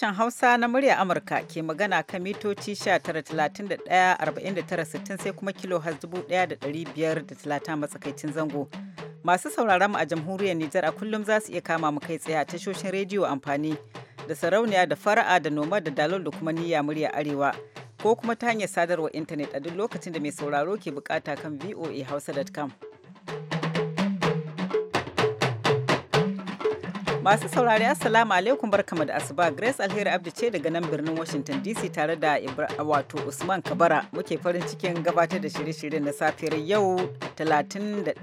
sashen Hausa na murya Amurka ke magana kan mitoci 19,31,49,60 sai kuma kilo har 1,530 matsakaicin zango. Masu sauraron mu a jamhuriyar Nijar a kullum za su iya kama mu kai tsaye a tashoshin rediyo amfani da sarauniya da fara'a da noma da dalol da kuma niyya murya arewa ko kuma ta hanyar sadarwar intanet a duk lokacin da mai sauraro ke bukata kan voahausa.com. Masu saurari Assalamu alaikum barkamu da asuba Grace Alheri Abdi ce daga nan birnin Washington DC tare da wato Usman Kabara muke farin cikin gabatar da shirye-shiryen na safiyar yau 31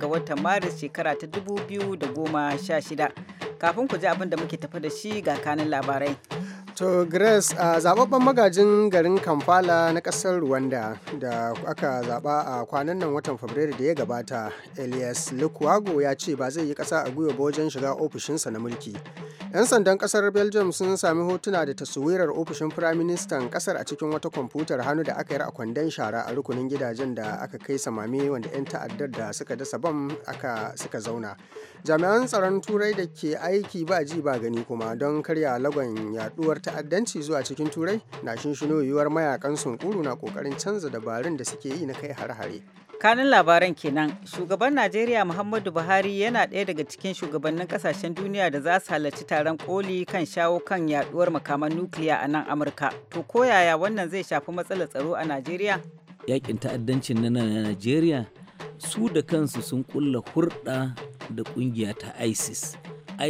ga watan Maris shekara ta 2016. Kafin ku ji abin da muke tafi da shi ga kanin labarai. To Grace a zababben magajin garin Kampala na kasar Rwanda da aka zaba a kwanan nan watan Fabrairu da ya gabata, Elias Lukwago ya ce ba zai yi kasa a gwiwa ba wajen shiga ofishinsa na mulki. 'Yan sandan kasar Belgium sun sami hotuna da taswirar ofishin firaministan kasar a cikin wata kwamfutar hannu da aka yi a kwandon shara a rukunin gidajen da aka kai samame wanda 'yan ta'addar da suka dasa bam aka suka zauna. Jami'an tsaron Turai da ke aiki ba ji ba gani kuma don karya lagon yaduwar ta'addanci zuwa cikin Turai na shinshino yiwuwar mayakan sunkuru na kokarin canza dabarun da suke yi na kai hare-hare. kanin labaran kenan shugaban najeriya muhammadu buhari yana ɗaya daga cikin shugabannin kasashen duniya da za su halarci taron koli kan shawo kan yaduwar makaman nukiliya a nan amurka to koyaya wannan zai shafi matsalar tsaro a najeriya yakin ta'addancin na najeriya su da kansu sun kulla hurɗa da kungiya ta isis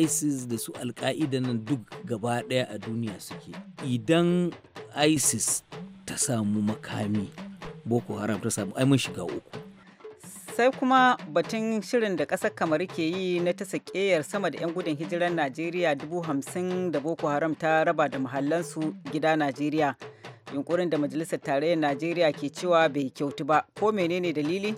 isis da su alka'ida nan duk gaba ɗaya a duniya suke idan isis ta samu makami boko haram ta samu ai shiga uku sai kuma batun shirin da ƙasar kamar ke yi na ta sakeyar sama da 'yan gudun hijirar najeriya dubu hamsin da boko haram ta raba da mahallansu gida najeriya yunkurin da majalisar tarayyar najeriya ke cewa bai kyautu ba ko menene dalili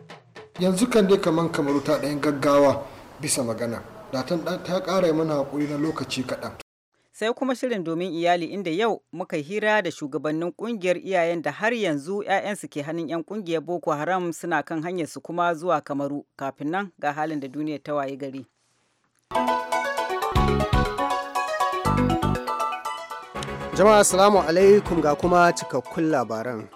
yanzu kan dai kaman kamaru ta ɗayan gaggawa bisa magana datan ta ƙara mana haƙuri na lokaci kaɗan sai kuma shirin domin iyali inda yau muka hira da shugabannin kungiyar iyayen da har yanzu 'ya'yansu ke hannun 'yan kungiyar boko haram suna kan hanyar su kuma zuwa kamaru kafin nan ga halin da duniya ta waye gari jama'a assalamu alaikum ga kuma cikakkun labaran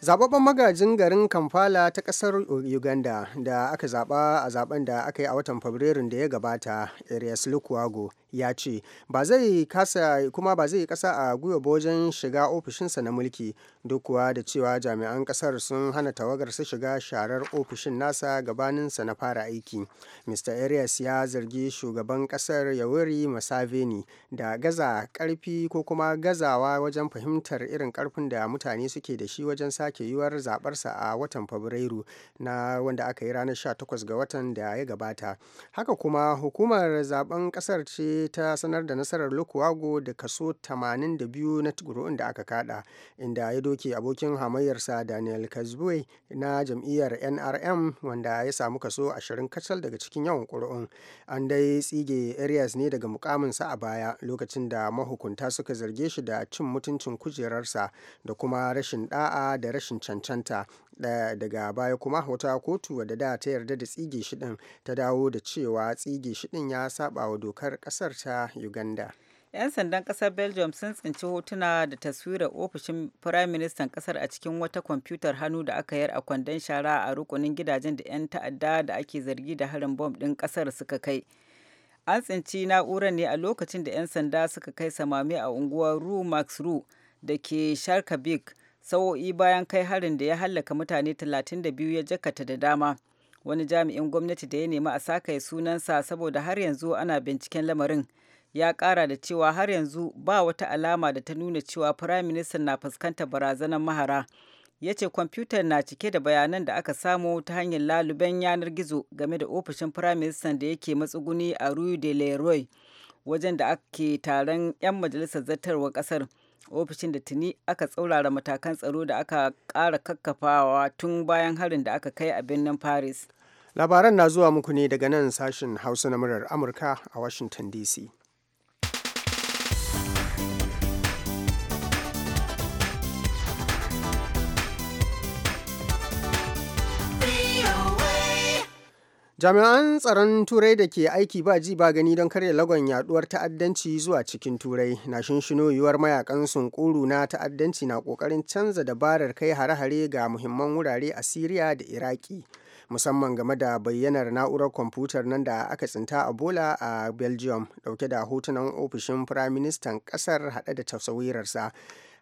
zababben magajin garin kampala ta kasar uganda da aka zaba a zaben da aka yi a watan fabrairun da ya gabata arias lukwago ya ce ba zai kasa kuma ba zai kasa a gwiwa bojan wajen shiga ofishinsa na mulki duk kuwa da cewa jami'an kasar sun hana tawagar su shiga sharar ofishin nasa gabaninsa na fara aiki mr arias ya zargi shugaban kasar yawuri masaveni da gaza karfi ko kuma gazawa wajen fahimtar irin karfin da mutane suke da shi wajen sake yiwuwar zabarsa a watan fabrairu na wanda aka yi ranar 18 ga watan da ya gabata haka kuma hukumar zaben kasar ce ta sanar da nasarar lokwago da kaso 82 na ƙuri'un da aka kada, inda ya doke abokin hamayyarsa Daniel Kazbue na jam'iyyar NRM wanda ya samu kaso 20 kacal daga cikin yawan kuri'un An dai tsige Arias ne daga mukaminsa a baya lokacin da mahukunta suka zarge shi da cin mutuncin kujerarsa da kuma rashin da'a da rashin cancanta daga baya kuma wata kotu wadda da ta yarda da tsige shi ɗin ta dawo da cewa tsige shi ɗin ya saba wa dokar ƙasar ta uganda 'yan sandan kasar belgium sun tsinci hotuna da taswirar ofishin firayim ministan kasar a cikin wata kwamfutar hannu da aka yar a kwandon shara a rukunin gidajen da 'yan ta'adda da ake zargi da harin bom ɗin kasar suka kai an tsinci na'urar ne a lokacin da 'yan sanda suka kai samami a unguwar rue max rue da ke big. sa'o'i bayan kai harin da ya hallaka mutane 32 ya jakata da dama wani jami'in gwamnati da ya nemi a sakaye sunansa saboda har yanzu ana binciken lamarin ya kara da cewa har yanzu ba wata alama da ta nuna cewa firaministan na fuskantar barazanar mahara ya ce kwamfutar na cike da bayanan da aka samu ta hanyar laluben yanar gizo game da ofishin firaministan da yake matsuguni a rue de leroy wajen da ake taron 'yan majalisar zartarwar kasar. ofishin da tuni aka tsaurara matakan tsaro da aka ƙara kakkafawa tun bayan harin da aka kai a birnin paris labaran na zuwa muku ne daga nan sashen hausa na murar amurka a washington dc jami'an tsaron turai da ke aiki ba ji ba gani don karya lagon yaduwar ta'addanci zuwa cikin turai na shinshino yiwuwar mayakan sunkuru na ta'addanci na kokarin canza dabarar kai hare-hare ga muhimman wurare a siriya da iraki musamman game da bayyanar na'urar kwamfutar nan da aka tsinta a bola a belgium dauke da hotunan ofishin firaministan kasar hade da tasawirarsa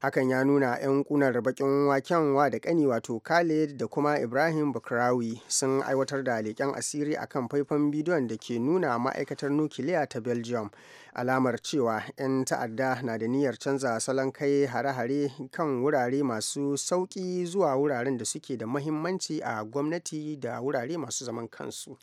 hakan ya nuna 'yan kunar bakin waken wa da kani wato khalid da kuma ibrahim bukrawi sun aiwatar da leƙen asiri a kan faifan bidiyon da ke nuna ma'aikatar nukiliya ta belgium alamar cewa 'yan ta'adda na da niyyar canza salon kai hare-hare kan wurare masu sauƙi zuwa wuraren da suke da mahimmanci a gwamnati da wurare masu zaman kansu.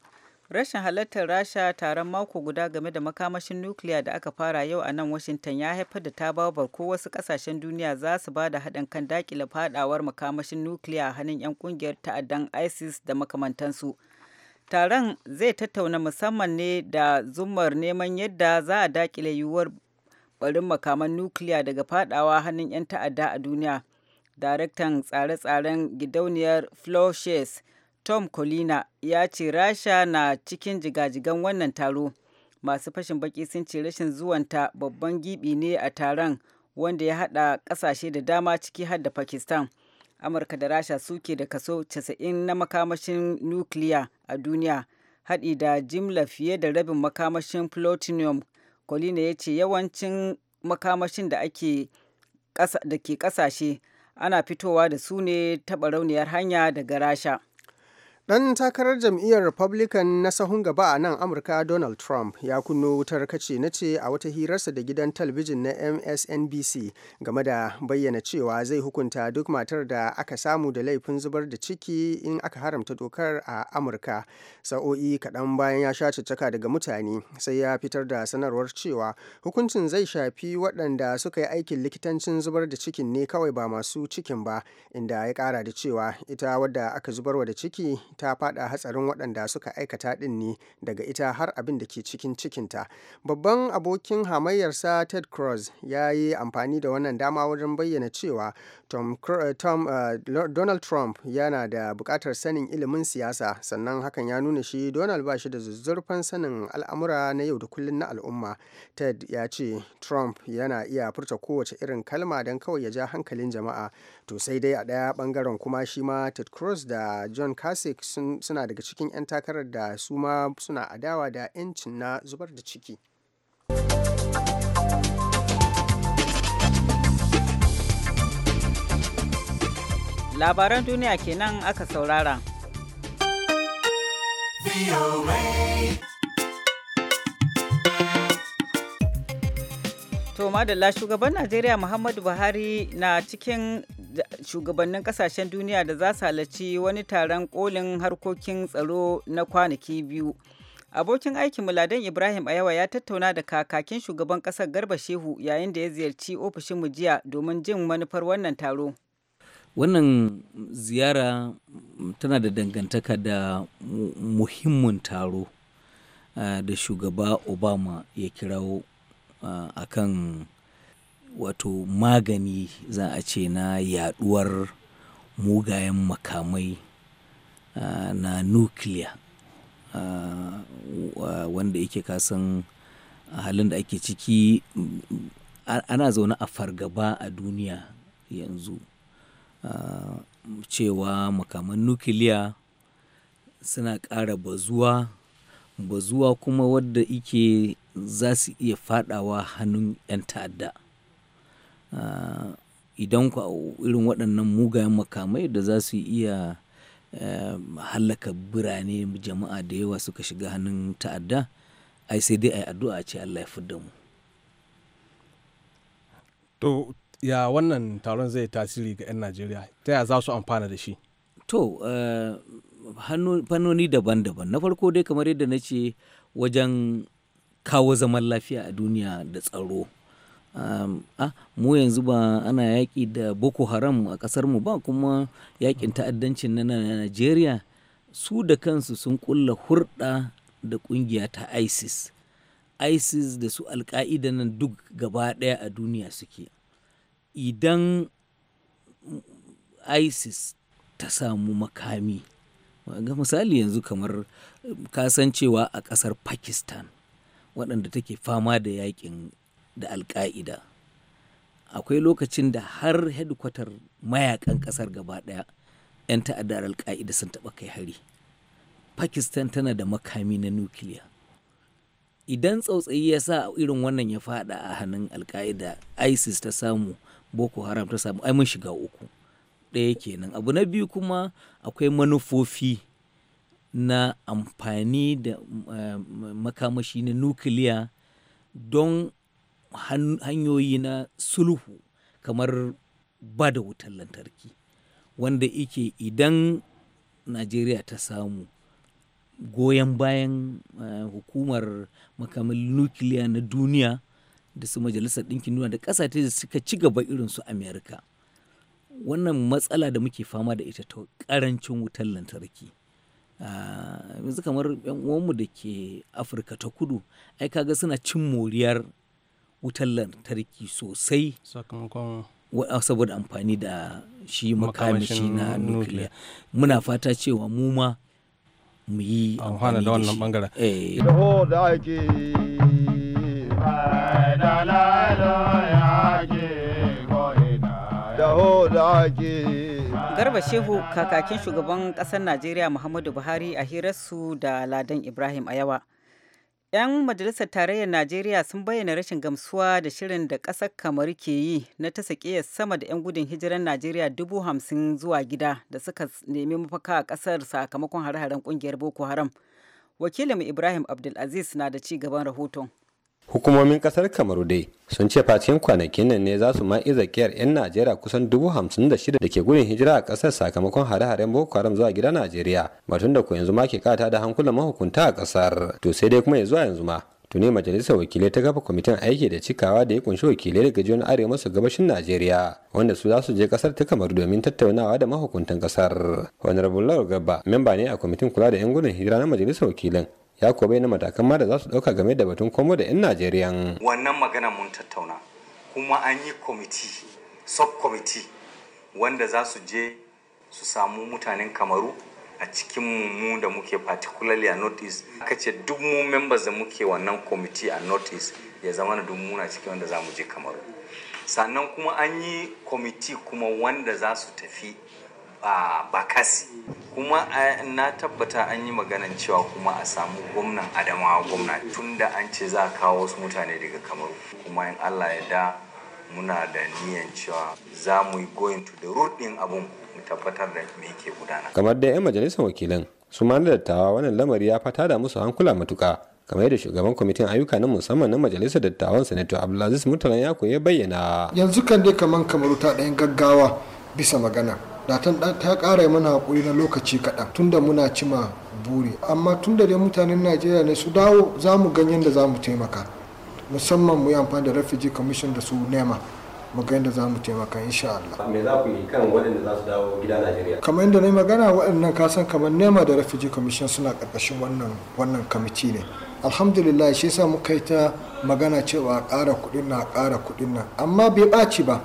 rashin halartar rasha taron mako guda game da makamashin nukiliya da aka fara yau a nan washington ya haifar da tababar ko wasu kasashen duniya za su ba da haɗin kan dakile fadawar makamashin nukiliya a hannun 'yan kungiyar ta'addan isis da makamantansu taron zai tattauna musamman ne da zumar neman yadda za a dakile yiwuwar barin makaman nukiliya daga fadawa hannun 'yan ta'adda a duniya daraktan tsare-tsaren gidauniyar floshes tom colina ya ce rasha na cikin jigajigan wannan taro masu fashin baki sun ce rashin zuwanta babban gibi ne a taron wanda ya hada kasashe da dama ciki har da pakistan amurka da rasha suke da kaso 90 na makamashin nukiliya a duniya haɗi da jimla fiye da rabin makamashin plutonium colina ya ce yawancin makamashin da ake da ke kasashe ana fitowa da su ne taɓa rauniyar hanya daga rasha Ɗan takarar jam'iyyar Republican na sahun gaba a nan Amurka Donald Trump ya kunno wutar kace na ce a wata hirarsa da gidan talabijin na MSNBC game da bayyana cewa zai hukunta duk matar da aka samu da laifin zubar da ciki in aka haramta dokar a Amurka. Sa'o'i kaɗan bayan ya sha caka daga mutane sai ya fitar da sanarwar cewa hukuncin zai shafi waɗanda suka yi aikin likitancin zubar da cikin ne kawai ba masu cikin ba inda ya ƙara da cewa ita wadda aka zubarwa da ciki ta fada hatsarin waɗanda suka aikata ɗin ne daga ita har abin da ke cikin cikinta babban abokin hamayyarsa ted cruz ya yi amfani da wannan dama wajen bayyana cewa tom, eh, tom eh, donald trump yana da buƙatar sanin ilimin siyasa sannan hakan ya nuna shi donald ba shi da zuzzurfan sanin al'amura na yau da kullun na al'umma ted ya ce trump yana iya furta kowace irin kalma don kawai ya ja hankalin jama'a to sai dai a ɗaya ɓangaren kuma shi ma ted cruz da john kasich suna daga cikin 'yan takarar da su ma suna adawa da 'yancin na zubar da ciki. Labaran duniya kenan aka saurara. To madalla shugaban Najeriya Muhammadu Buhari na cikin shugabannin kasashen duniya da za su halarci wani taron kolin harkokin tsaro na kwanaki biyu abokin aikin muladan ibrahim ayawa ya tattauna da kakakin shugaban kasar garba shehu yayin da ya ziyarci ofishin mu jiya domin jin manufar wannan taro wannan ziyara tana da dangantaka da muhimmin taro ah, da shugaba obama ya kirawo a ah, kan wato magani za a ce na yaduwar mugayen makamai uh, na nukiliya uh, wanda yake kasan halin da ake ciki ana zaune a fargaba a duniya yanzu cewa makaman nukiliya suna ƙara bazuwa bazuwa kuma wadda ike za su iya fadawa hannun 'yan ta'adda Ah, idan irin waɗannan mugayen makamai da za su iya eh, halaka birane jama'a da yawa suka shiga hannun ta'adda ai sai dai a addu'a ce Allah ya fidda mu. To ya wannan taron zai tasiri ga 'yan Najeriya ta ya za su amfana da shi? To eh, fannoni daban-daban na farko dai kamar yadda na ce wajen kawo zaman lafiya a duniya da tsaro. Um, ah, mu yanzu ba ana yaƙi da boko haram a ƙasarmu ba kuma yaƙin ta'addancin na najeriya su da kansu sun ƙulla hurɗa da ƙungiya ta isis isis da su alka'ida nan duk gaba ɗaya a duniya suke idan isis ta samu makami ga misali yanzu kamar kasancewa a ƙasar pakistan waɗanda take fama da yaƙin da alka'ida akwai lokacin da har hedkwatar mayakan ƙasar gaba ɗaya 'yan ta'addar alka'ida sun taɓa kai hari pakistan tana da makami na nukiliya idan tsautsayi ya sa irin wannan ya fada a hannun alka'ida isis ta samu boko haram ta samu ai mun shiga uku ɗaya kenan abu na biyu kuma akwai manufofi na amfani da eh, makamashi na nukiliya don hanyoyi na sulhu kamar ba da wutar lantarki wanda ike idan najeriya ta samu goyon bayan eh, hukumar makamin nukiliya na duniya da su majalisar ɗinkin duniya da ƙasashe da suka ci gaba irin su amerika wannan matsala da muke fama da ita ta ƙarancin wutar lantarki ah, yanzu kamar yan uwanmu da ke afirka ta kudu ai kaga suna cin moriyar wutar lantarki sosai saboda amfani da shi makamashi na nukiliya muna fata cewa mu ma mu yi amfani da wannan bangaren eh. Garba Shehu kakakin shugaban ƙasar Najeriya Muhammadu Buhari a hirar su da Ladan Ibrahim a yawa. 'Yan majalisar tarayyar Najeriya sun bayyana rashin gamsuwa da shirin da ƙasar kamar ke yi na ta sakiyar sama da 'yan gudun hijirar Najeriya dubu hamsin zuwa gida da suka nemi mafaka a ƙasar sakamakon hare-haren ƙungiyar Boko Haram. Wakilinmu Ibrahim Abdulaziz na da ci gaban rahoton. hukumomin kasar kamaru dai sun ce facin kwanakin nan ne za su ma iza kiyar 'yan najeriya kusan dubu hamsin da shida da ke gudun hijira a kasar sakamakon hare-haren boko haram zuwa gida najeriya batun da ku yanzu ma ke kata da hankulan mahukunta a kasar to sai dai kuma ya zuwa yanzu ma tuni majalisar wakilai ta kafa kwamitin aiki da cikawa da ya kunshi wakilai daga jiyon arewa su gabashin najeriya wanda su za su je kasar ta kamaru domin tattaunawa da mahukuntan kasar honorable gaba memba ne a kwamitin kula da yan gudun hijira na majalisar wakilan ya kuwa na matakan ma da za su dauka game da batun komo da 'yan najeriya wannan magana mun tattauna kuma an yi kwamiti subcommittee wanda za su je su samu mutanen kamaru a cikin mu da muke particularly a notice aka ce duk mu members da muke wannan kwamiti a notice ya zama na muna cikin wanda za mu je kamaru sannan kuma an yi kwamiti kuma wanda za su tafi bakasi kuma eh, na tabbata an yi maganan cewa kuma a samu gwamnan adamawa gwamna tunda an ce za a kawo wasu mutane daga kamaru kuma in allah ya da muna da niyan cewa za mu yi going to the root din abun mu tabbatar da me ke gudana kamar da 'yan majalisar wakilan su ma dattawa wannan lamari ya fata da musu hankula matuka kamar yadda shugaban kwamitin ayyuka na musamman na majalisar dattawan sanato abdulaziz murtala ya koya bayyana yanzu kan dai kamar kamaru ta ɗayan gaggawa bisa magana datan ta kara mana hakuri na lokaci kaɗan tunda muna cima buri amma tunda dai mutanen najeriya ne su dawo za mu gan yadda za mu taimaka musamman mu yi amfani da refugee commission da su nema mu gan yadda za mu taimaka insha Allah. Me za ku yi kan waɗanda za su dawo gida Najeriya? Kamar yadda na yi magana waɗannan kasan kamar nema da refugee commission suna ƙarƙashin wannan wannan kamiti ne. Alhamdulillah shi yasa muka yi ta magana cewa ƙara kuɗin na ƙara kuɗin nan amma bai ɓaci ba.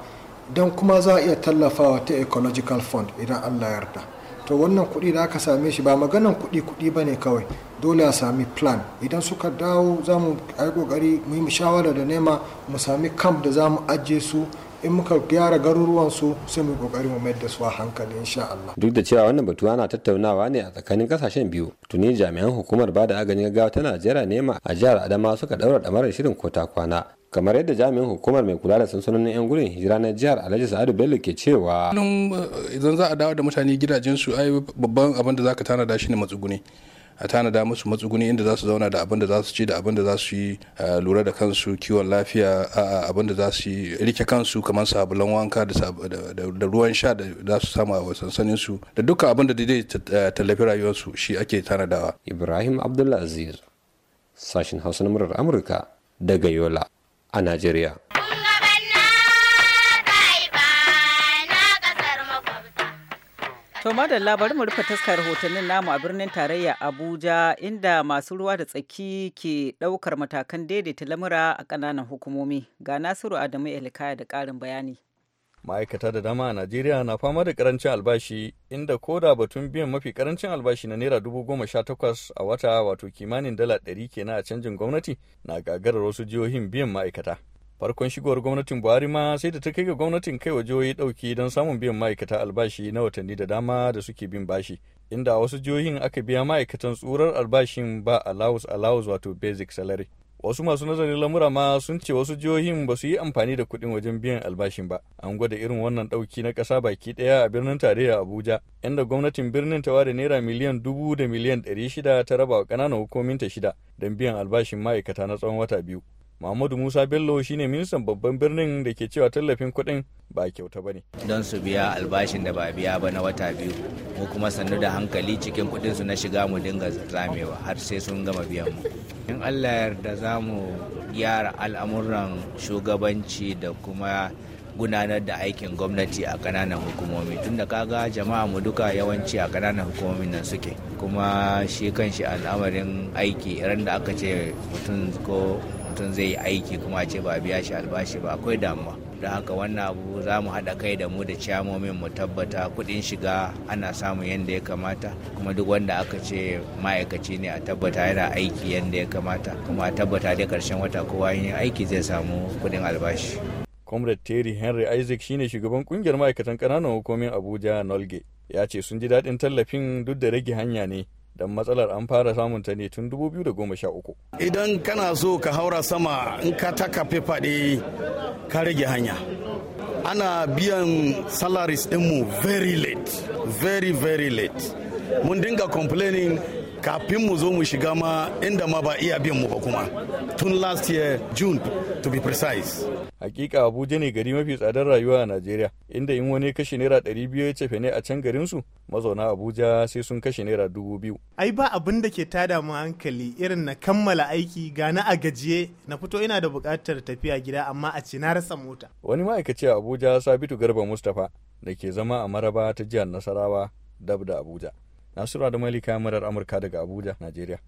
don kuma za a iya tallafawa ta ecological fund idan allah yarda to wannan kuɗi da aka same shi ba maganan kuɗi kuɗi ba ne kawai dole a sami plan idan suka dawo za mu yi ƙoƙari mu yi shawara da nema mu sami camp da za mu ajiye su in muka gyara garuruwan su sai mu kokari mu mayar da su a hankali insha Allah duk da cewa wannan batu ana tattaunawa ne a tsakanin kasashen biyu tuni jami'an hukumar bada agajin gaggawa ta Najeriya nema a jihar Adama suka daura damar shirin kota kwana kamar yadda jami'in hukumar mai kula da sansanonin 'yan gudun hijira na jihar alhaji sa'adu bello ke cewa eh, idan za a dawo da mutane gidajensu ai babban abin da za ka tanada shi ne matsuguni a tanada musu matsuguni inda za su zauna da abin da za su ci da abin da za su yi eh, lura da kansu kiwon lafiya abin da za su rike kansu kamar sabulan wanka da ruwan sha da za su sama a sansanin su da duka abin da zai eh, tallafi rayuwarsu shi ake tanadawa ibrahim abdulaziz sashin hausa na murar amurka daga yola a najeriya To madalla labar mu rufe taskar hotunan namu a birnin tarayya Abuja inda masu ruwa da tsaki ke ɗaukar matakan daidaita lamura a ƙananan hukumomi. Ga Nasiru Adamu Elikaya da ƙarin bayani. ma'aikata da dama a najeriya na fama da karancin albashi inda koda batun biyan mafi karancin albashi na naira dubu goma sha takwas a wata wato kimanin dala ɗari kenan a canjin gwamnati na gagarar wasu jihohin biyan ma'aikata farkon shigowar gwamnatin buhari ma sai da ta kai ga gwamnatin kai wa jihohi ɗauki don samun biyan ma'aikata albashi na watanni da dama da suke bin bashi inda a wasu jihohin aka biya ma'aikatan tsurar albashin ba allowance allowance wato basic salary wasu masu nazarin lamura ma sun ce wasu jihohin ba su yi amfani da kuɗin wajen biyan albashin ba an gwada irin wannan ɗauki na ƙasa baki ɗaya a birnin tarayya abuja inda gwamnatin birnin ta ware naira miliyan dubu da miliyan ɗari shida ta raba wa ƙananan hukuminta shida don biyan albashin ma'aikata na tsawon wata biyu Muhammadu Musa Bello shine ministan babban birnin da ke cewa tallafin kuɗin ba kyauta ba ne. Don su biya albashin da ba biya ba na wata biyu, mu kuma sannu da hankali cikin kuɗin su na shiga mu dinga zamewa har sai sun gama biyan mu. In Allah yarda za mu gyara al'amuran shugabanci da kuma gudanar da aikin gwamnati a ƙananan hukumomi tunda kaga jama'a mu duka yawanci a ƙananan hukumomin nan suke kuma shi kanshi al'amarin aiki ran da aka ce mutum ko mutum zai yi aiki kuma ce ba biya shi albashi ba akwai damuwa da haka wannan abu za mu haɗa kai da mu da ciyamomin mu tabbata kuɗin shiga ana samun yadda ya kamata kuma duk wanda aka ce ma'aikaci ne a tabbata yana aiki yadda ya kamata kuma a tabbata da karshen wata kowa yin aiki zai samu kuɗin albashi. Comrade Terry Henry Isaac shine shugaban kungiyar ma'aikatan ƙananan hukumomin Abuja Nolge ya ce sun ji daɗin tallafin duk da rage hanya ne don matsalar an fara samun ta ne tun 2013 idan kana so ka haura sama in ka taka fefaɗe ka rage hanya ana biyan salaries dinmu very late very very late mun dinga complaining kafin mu zo mu shiga ma inda ma ba iya biyan mu ba kuma tun last year june to be precise hakika abuja ne gari mafi tsadar rayuwa a najeriya inda in wani kashe naira ɗari biyu ya cefe ne a can garin su mazauna abuja sai sun kashe naira dubu biyu ai ba abin da ke tada mu hankali irin na kammala aiki gana a gajiye na fito ina da buƙatar tafiya gida amma a ce na rasa mota wani ma'aikaci a abuja sabitu garba mustapha da ke zama a maraba ta jihar nasarawa dab da abuja Nasiru da Malika Amurka daga Abuja, Najeriya.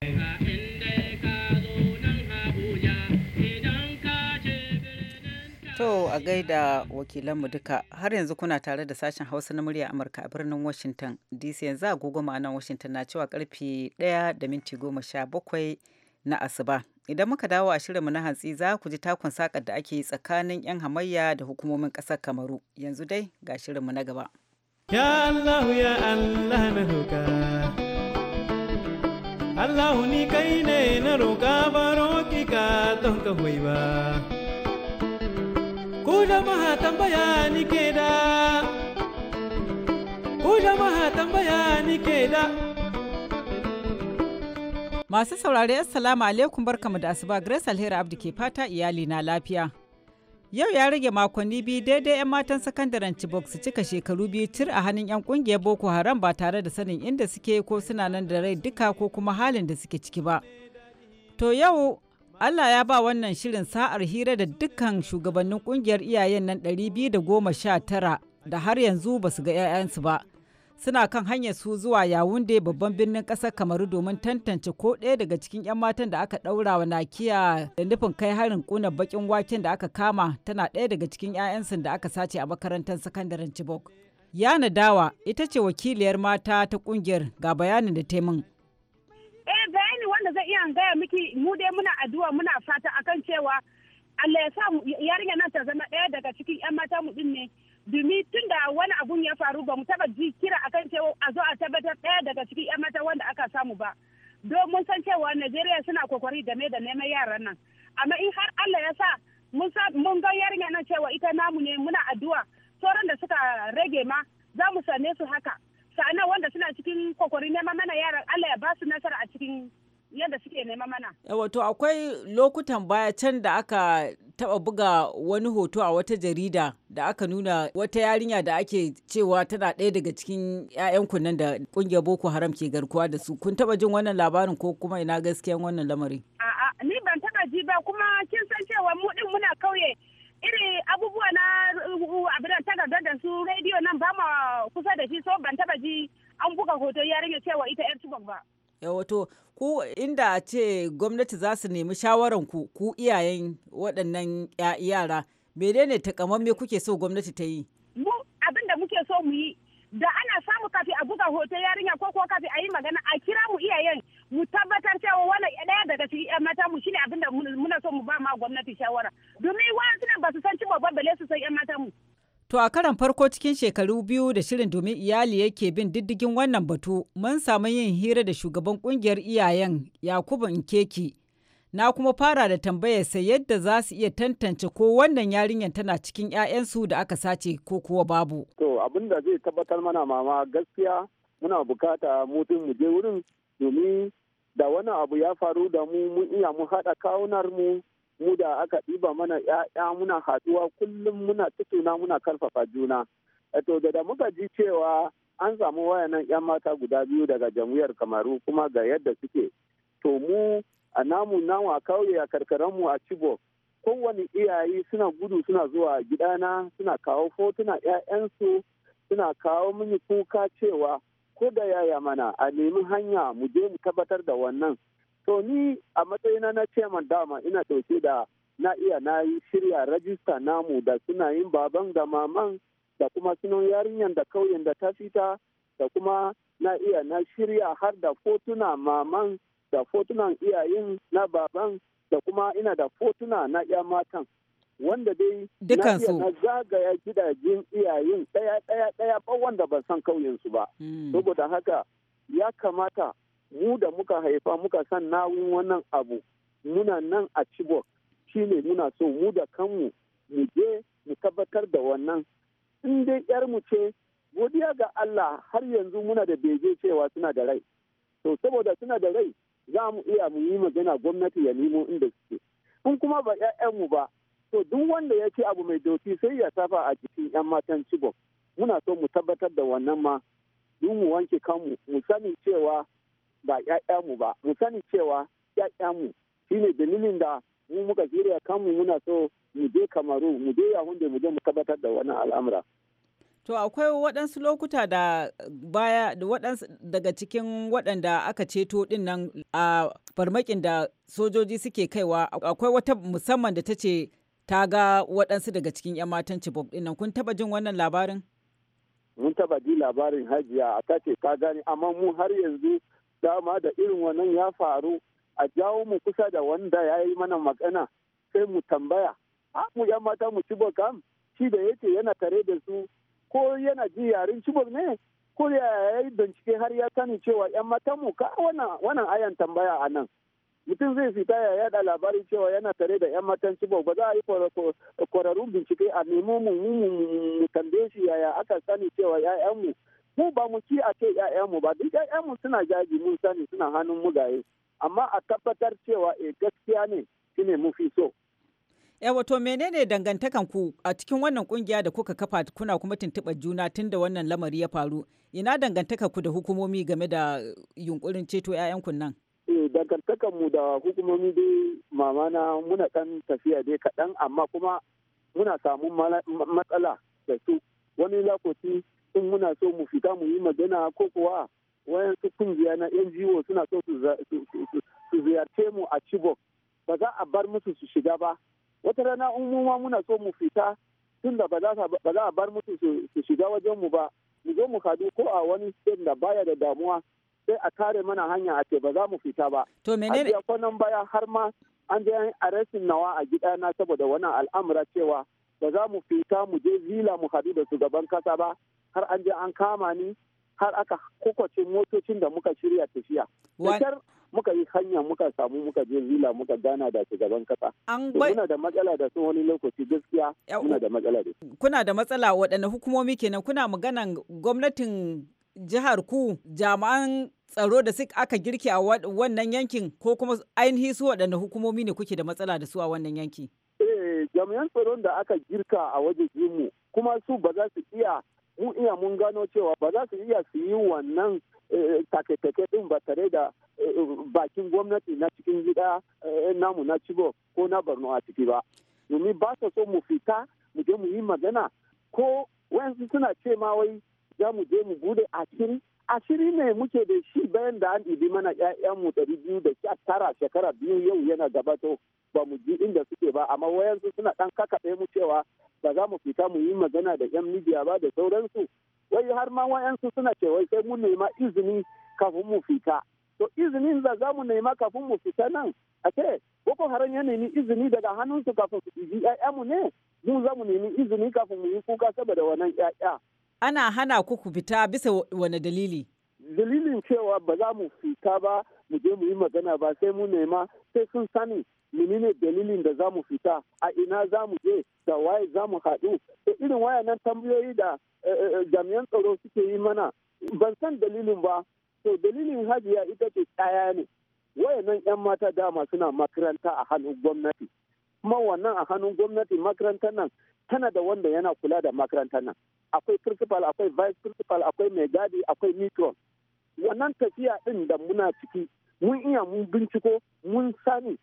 To a gaida wakilanmu duka har yanzu kuna tare da sashen Hausa na murya Amurka a birnin Washington DC yanzu agogo ma'anan Washington na cewa karfe 1 da minti 17 na asuba. Idan muka dawo a shirinmu na hantsi za ku ji takun sakar da ake tsakanin 'yan hamayya da hukumomin ƙasar Kamaru. Yanzu dai ga shirinmu na gaba. Ya Allah ya Allah na roƙa Allah ni kai ne na roƙa baro ki ka don ka hoyi ba Ku jama'a tambaya ni ke da Ku jama'a tambaya ni ke da Masu saurari assalamu alaikum barkamu da asuba Grace Alheri Abdi ke fata iyali na lafiya Yau ya rage makonni biyu daidai 'yan matan sakandaren Chibok su cika shekaru biyu cir a hannun 'yan kungiyar Boko Haram ba tare da sanin inda suke ko suna nan da rai duka ko kuma halin da suke ciki ba. To yau Allah ya ba wannan shirin sa'ar hira da dukkan shugabannin kungiyar iyayen nan 219 da har yanzu ba su ga 'ya'yansu ba. suna kan hanyar su zuwa yawunde babban birnin ƙasar kamaru domin tantance ko ɗaya daga cikin 'yan matan da aka ɗaura wa nakiya da nufin kai harin ƙunar bakin waken da aka kama tana ɗaya daga cikin 'ya'yansu da aka sace a makarantar sakandaren chibok yana dawa ita ce wakiliyar mata ta ƙungiyar ga bayanin da ta min eh bayani wanda zai iya gaya miki mu dai muna addu'a muna fata akan cewa Allah ya sa yarinya nan ta zama ɗaya daga cikin 'yan mata mu ɗin ne Dumi tun da wani abun ya faru ba mu taba ji kira akan cewa a zo a tabbatar ɗaya daga cikin 'yan mata wanda aka samu ba. Don san cewa Najeriya suna kokari game da neman yaran nan. Amma in har Allah ya sa mun ga yarinya nan cewa ita namu ne muna addu'a sauran da suka rage ma za mu same su haka. sa'annan wanda suna cikin kokari neman mana yaran Allah ya ba su nasara a cikin yadda suke nema mana. Wato akwai lokutan baya can da aka taba buga wani hoto a wata jarida da aka nuna wata yarinya da ake cewa tana ɗaya daga cikin 'ya'yan nan da ƙungiyar Boko Haram ke garkuwa da su. Kun taba jin wannan labarin ko kuma ina gaskiyan wannan lamari? A'a, ni ban taba ji ba kuma kin san cewa mu din muna kauye iri abubuwa na uh, uh, abin da takarda da su rediyo nan ba ma kusa da shi so ban taba ji an buga hoton yarinya cewa ita 'yar tubak ba. wato ku inda a ce gwamnati za su nemi shawarar ku iyayen waɗannan yara menene takamamme kuke so gwamnati ta yi mu abin da muke so mu yi da ana samu kafi a buga hoton yarinya ko ko kafi a yi magana a kira mu iyayen mu tabbatar cewa wani ɗaya daga cikin yan mata mu shine abin da muna so mu ba ma gwamnati shawara domin wani suna ba su san cewa babban bale su san yan mata mu To a karan farko cikin shekaru biyu da shirin domin iyali yake bin diddigin wannan batu mun samu yin hira da shugaban kungiyar iyayen Yakubu Nkeki. Na kuma fara da tambayarsa yadda za su iya tantance ko wannan yarinyar tana cikin 'ya'yansu da aka sace ko kuwa babu. To abin da zai tabbatar mana mama gaskiya muna bukata mutum mu je wurin domin da wani abu ya faru da mu mun iya mu haɗa kawunar mu mu da aka ɗiba mana ya'ya muna haɗuwa kullum muna tattuna muna karfafa juna wato da muka ji cewa an samu wayanan 'yan mata guda biyu daga jamhuriyar kamaru kuma ga yadda suke to mu a namu namu a kauye a karkaranmu a cibo kowane iyaye suna gudu suna zuwa gidana suna kawo fotuna 'ya'yansu suna kawo mini kuka cewa ko da yaya mana a nemi hanya mu je mu tabbatar da wannan to ni a matsayina na chairman dama ina ɗauke da na iya na yi shirya rajista namu da suna yin baban da maman da kuma sunan yarinyar da kauyen da ta fita da kuma na iya na shirya har da fotuna maman da fotunan iyayen na baban da kuma ina da fotuna na iya matan wanda dai na iya na zagaya gidajen iyayen daya daya daya ba wanda ban san kauyensu ba hmm. saboda haka ya kamata mu da muka haifa muka san nawin wannan abu muna nan a cibok shine muna so mu da kanmu mu je mu tabbatar da wannan in dai yar ce godiya ga Allah har yanzu muna da beje cewa suna da rai to saboda suna da rai za mu iya mu yi magana gwamnati ya nemo inda suke in kuma ba 'ya'yanmu ba to duk wanda ya ce abu mai doki sai ya safa a jikin 'yan matan cibok muna so mu tabbatar da wannan ma duk mu wanke kanmu mu sani cewa ba mu ba mu sani cewa mu shine dalilin da mu muka jira kanmu muna so mu je kamaru mu je da mu je mu tabbatar da wannan al'amura To akwai waɗansu lokuta da baya da waɗansu daga cikin waɗanda aka ceto ɗin nan a farmakin da sojoji suke kaiwa akwai wata musamman da ta ce ta ga waɗansu daga cikin 'yan matan Chibok ɗin nan kun taba jin wannan labarin? Mun taba ji labarin hajiya a ta ce ta gani amma mu har yanzu dama da irin wannan ya faru a jawo mu kusa da wanda ya yi mana magana sai mu tambaya a mu yan mata mu ci kam shi da yake yana tare da su ko yana ji yarin ci ne ko ya yi bincike har ya sani cewa yan mata mu ka wannan ayan tambaya a nan mutum zai fita ya yada labari cewa yana tare da yan matan ci ba za a yi kwararrun bincike a nemo mu mu tambaye shi yaya aka sani cewa 'ya'yanmu mu ba mu ci a ce mu ba duk mu suna jaji mun sani suna hannun mugaye amma a tabbatar cewa e gaskiya ne shine mu fi so yawa eh, to menene dangantakan ku a cikin wannan kungiya da kuka kafa kuna kuma tuntuɓar juna tun da wannan lamari ya faru ina dangantaka ku da hukumomi game da yunkurin ceto ku nan eh, dangantakan mu da hukumomi dai mamana muna dan tafiya dai kaɗan amma kuma muna samun matsala da su wani lokaci in muna so mu fita mu yi magana ko kuwa wayansu kungiya na NGO suna so su ziyarce mu a Chibok ba za a bar musu su shiga ba wata rana in muna so mu fita tun da ba za a bar musu su shiga wajen mu ba mu zo mu hadu ko a wani state da baya da damuwa sai a kare mana hanya a ce ba za mu fita ba to menene a kwanan baya har ma an je an arrestin nawa a gida na saboda wannan al'amura cewa ba za mu fita mu je zila mu hadu da shugaban kasa ba har an je an kama ni har aka kokocin motocin da muka shirya tafiya. Kyar muka yi hanya muka samu muka je zila muka gana da shugaban kasa. An Muna da matsala da sun wani lokaci gaskiya muna da matsala da Kuna da matsala waɗanne hukumomi kenan kuna maganan gwamnatin jihar ku jami'an tsaro da suka aka girki a wannan yankin ko kuma ainihi su waɗanne hukumomi ne kuke da matsala da su a wannan yanki? Eh jami'an tsaron da aka girka a wajen mu kuma su ba za su iya mu iya mun gano cewa ba za su iya su yi wannan eh, take-take din ba tare da eh, bakin gwamnati na cikin gida eh, namu na cibo ko na borno a ciki ba domin ba su so mu fita mu je mu yi magana ko wayansu suna ce ma wai za mu je mu bude cikin asiri ne muke da shi bayan da an ɗibi mana ƴaƴanmu ɗari biyu da tara shekara biyu yau yana gabato ba mu ji inda suke ba amma wayansu suna ɗan kakaɗe mu cewa ba za mu fita mu yi magana da ƴan midiya ba da sauransu wai har ma wayansu suna cewa sai mu nema izini kafin mu fita to izinin da za mu nema kafin mu fita nan a ce boko haram ya nemi izini daga hannunsu kafin su ɗibi ƴaƴanmu ne mu za mu nemi izini kafin mu yi kuka saboda wannan ƴaƴa ana hana ku ku fita bisa wani dalili dalilin cewa ba za mu fita ba mu je mu yi magana ba sai mu nema sai sun sani menene dalilin da za mu fita a ina za mu je da waye za mu haɗu da irin wayannan tambayoyi da eh, eh, eh, jami'an tsaro suke yi mana ban san dalilin ba to dalilin hajiya ita ce tsaya ne wayannan 'yan mata dama suna makaranta a hannun gwamnati kuma wannan a hannun gwamnati makarantar nan tana da wanda yana kula da makarantar nan akwai principal akwai vice principal akwai mai gadi akwai micron wannan tafiya ɗin da muna ciki mun iya mun binciko mun sani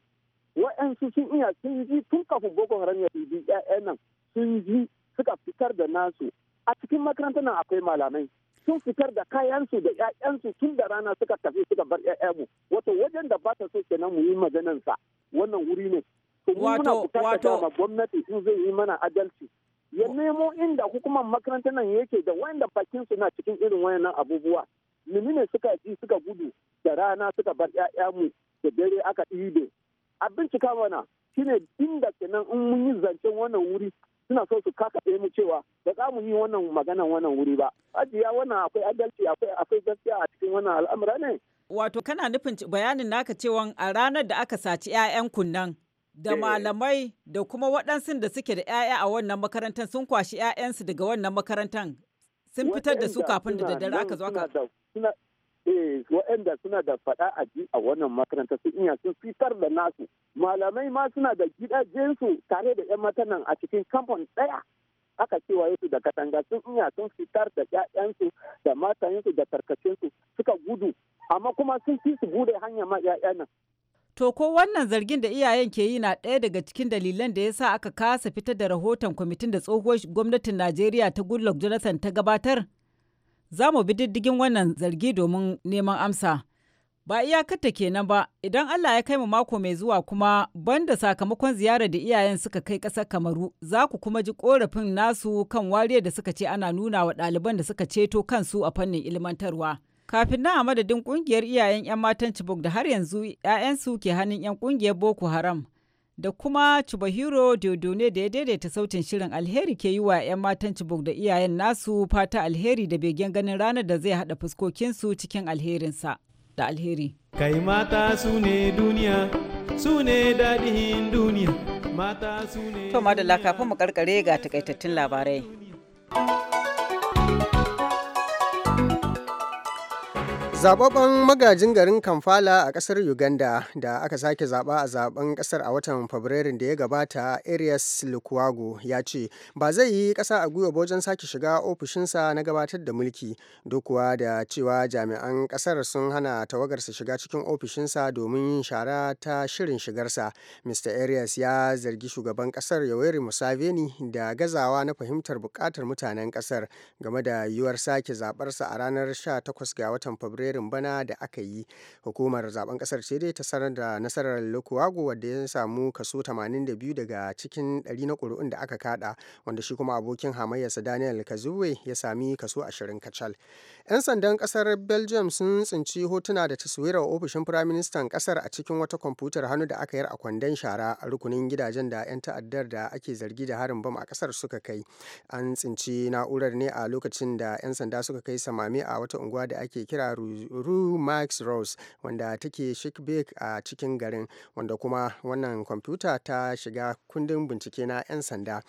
wa'yansu sun iya sun ji tun kafin boko ran ya ji nan sun ji suka fitar da nasu a cikin makarantar nan akwai malamai sun fitar da kayansu da ya'yansu tun da rana suka tafi suka bar mu. wato wajen da ba ta so kenan mu yi maganar sa wannan wuri ne wato wato gwamnati sun zai yi mana adalci ya nemo inda hukumar makarantar nan yake da wanda bakin su na cikin irin wayannan abubuwa menene suka ji suka gudu da rana suka bar mu da dare aka ɗibe a bincika mana shine inda kenan in mun yi zancen wannan wuri suna so su kaka mu cewa ba za mu yi wannan magana wannan wuri ba ajiya wannan akwai adalci akwai akwai gaskiya a cikin wannan al'amura ne wato kana nufin bayanin naka cewa a ranar da aka saci 'ya'yan kunnan da eh. malamai da kuma waɗansu da suke da 'ya'ya a wannan makarantar sun kwashi 'ya'yansu daga wannan makarantar sun fitar da su kafin da daddare aka zo aka eh, waɗanda suna da faɗa a ji a wannan makaranta sun iya sun fitar da nasu malamai ma suna da gidajensu tare da 'yan nan a cikin kamfan ɗaya aka cewa yasu da katanga sun iya sun fitar da 'ya'yansu da matayensu da tarkacensu suka gudu amma kuma sun fi su bude hanya ma 'ya'yan nan To ko wannan zargin da iyayen ke yi na ɗaya daga cikin dalilan da ya sa aka kasa fitar da rahoton kwamitin da tsohuwar gwamnatin Najeriya ta Goodluck Jonathan ta gabatar? Za mu bi diddigin wannan zargi domin neman amsa. Ba iyakarta kenan ba, idan Allah ya kai mu mako mai zuwa kuma banda sakamakon ziyarar da iyayen suka kai ƙasar Kamaru, za ku kuma ji ƙorafin nasu kan wariyar da suka ce ana nuna wa ɗaliban da suka ceto kansu a fannin ilmantarwa. Kafin na a madadin kungiyar iyayen 'yan matan Chibok da har yanzu 'ya'yansu ke hannun 'yan kungiyar Boko Haram da kuma Chubahiro Dodone da ya daidaita sautin shirin alheri ke yi wa 'yan matan Chibok da iyayen nasu fata alheri da begen ganin ranar da zai haɗa fuskokinsu cikin alherinsa da alheri. Kai mata su ne duniya, su ne daɗin duniya, mata su ne. To, Madalla, kafin mu karkare ga takaitattun labarai. Zababben magajin garin Kamfala a kasar Uganda da aka sake zaba a zaben kasar a watan Fabrairun da ya gabata Arias Lukwago ya ce ba zai yi kasa a gwiwa wajen sake shiga ofishinsa na gabatar da mulki dokuwa da cewa jami'an kasar sun hana tawagarsa shiga cikin ofishinsa domin yin shara ta shirin shigarsa. Mr. Arias ya zargi shugaban kasar Yoweri Museveni da gazawa na fahimtar bukatar mutanen kasar game da yiwuwar sake zabarsa a ranar 18 ga watan Fabrairu janairun bana da aka yi hukumar zaben kasar ce dai ta sanar da nasarar lokuwago wadda ya samu kaso 82 daga cikin 100 na ƙuri'un da aka kada wanda shi kuma abokin hamayyarsa daniel kazuwe ya sami kaso 20 kacal 'yan sandan kasar belgium sun tsinci hotuna da taswirar ofishin firaministan kasar a cikin wata kwamfutar hannu da aka yar a kwandon shara a rukunin gidajen da 'yan ta'addar da ake zargi da harin bam a kasar suka kai an tsinci na'urar ne a lokacin da 'yan sanda suka kai samami a wata unguwa da ake kira rue max rose wanda take shikbek a cikin garin wanda kuma wannan kwamfuta ta shiga kundin bincike na 'yan sanda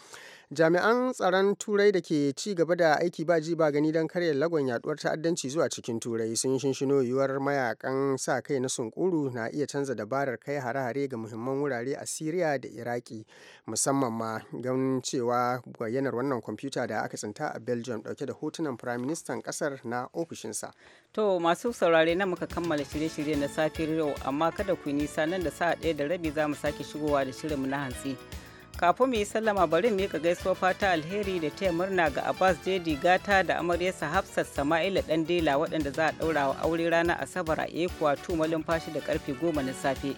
Jami'an tsaron Turai da ke ci gaba da aiki ba ji ba gani don karyar lagon yaduwar ta'addanci zuwa cikin Turai sun shinshino yiwuwar mayakan sa kai na sunkuru na iya canza dabarar kai hare-hare ga muhimman wurare a Siriya da Iraki musamman ma don cewa bayyanar wannan kwamfuta da aka tsinta a Belgium dauke da hotunan firaministan kasar na ofishinsa. To masu saurare na muka kammala shirye shirye na safiyar yau amma kada ku nisa nan da sa ɗaya da rabi za mu sake shigowa da shirinmu na hantsi. kafin mu sallama bari mu ka gaisuwa fata alheri da taya murna ga abbas jedi gata da amaryarsa hafsat sama'ila dan dela waɗanda za a ɗaura wa aure rana asabar a ekuwa tumalin fashi da karfe goma na safe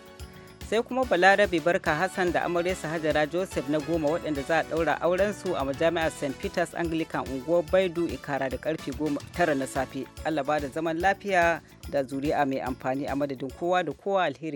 sai kuma balarabe barka hassan da amaryarsa hajara joseph na goma waɗanda za a ɗaura su a majami'ar st peters anglican unguwar baidu ikara da karfe tara na safe allah ba da zaman lafiya da zuri'a mai amfani a madadin kowa da kowa alheri